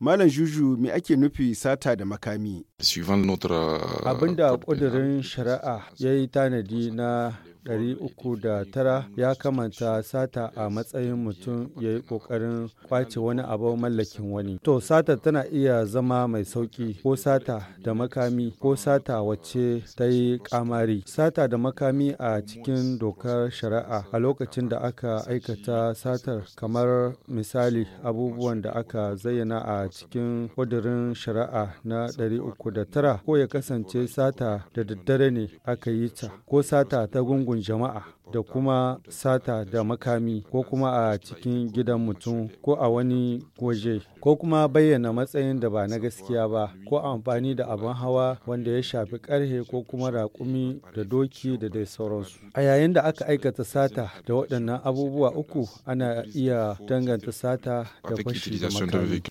Malam Juju me ake nufi sata da makami? Euh, Abin da ƙudurin shari'a ya yi tanadi na 309 ya kamanta sata a matsayin mutum ya yi ƙoƙarin kwace wani abu mallakin wani. To sata tana iya zama mai sauƙi ko sata da makami ko sata wacce ta yi kamari. Sata da makami a cikin dokar shari'a a lokacin da aka aikata satar kamar misali abubuwan da aka zayyana a cikin kudurin shari'a na 309 ko ya kasance sata da daddare ne aka yi ta ko sata ta gungun jama'a. da kuma sata da makami ko kuma a cikin gidan mutum ko a wani waje ko kuma bayyana matsayin da ba na gaskiya ba ko amfani da abin hawa wanda ya shafi karhe ko kuma raƙumi da doki da dai sauransu a yayin da aka aikata sata da waɗannan abubuwa uku ana iya danganta sata da fashi da makami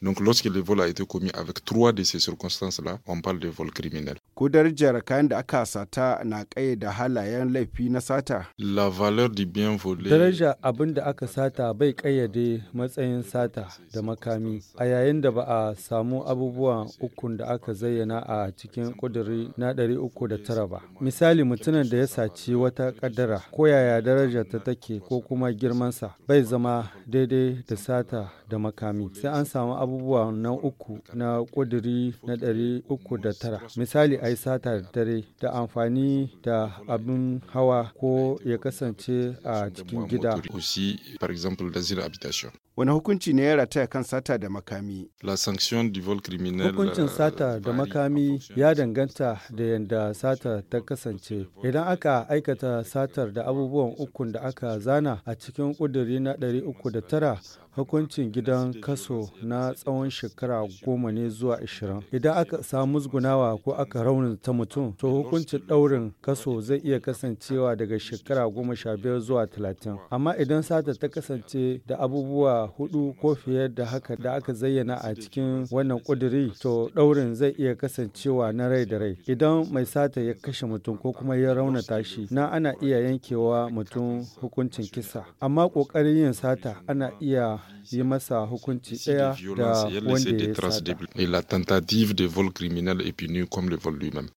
Kudarjar kayan da aka sata na ƙayyade halayen laifi na sata? valeur Daraja abin da aka sata bai kayyade matsayin sata da makami a yayin da ba a samu abubuwan ukun da aka zayyana a cikin kuduri na 309 ba. Misali mutumin da ya saci wata kadara ko yaya daraja ta take ko kuma girmansa bai zama daidai da sata da makami. Sai an samu abubuwa na uku na kuduri na 309. Misali a yi sata da dare da amfani da abin hawa ko ya kasa. sentir à Tikingida. Aussi, par exemple, l'asile habitation. wani hukunci ne ya rataya kan sata da makami. Hukuncin euh, sata da makami ya danganta da yadda sata ta kasance. Idan aka aikata satar da abubuwan ukun da aka zana a cikin ƙuduri na 309 hukuncin gidan kaso na tsawon shekara goma ne zuwa ashirin idan aka samu musgunawa ko aka ta mutum to hukuncin ɗaurin kaso zai iya kasancewa daga shekara goma sha biyar zuwa talatin amma idan sata ta kasance da abubuwa hudu ko fiye da haka da aka zayyana a cikin wannan kuduri to daurin zai iya kasancewa na rai da rai idan mai sata ya kashe mutum ko kuma ya raunata shi na ana iya yankewa mutum hukuncin kisa amma kokarin yin sata ana iya yi masa hukunci daya da wanda ya sata.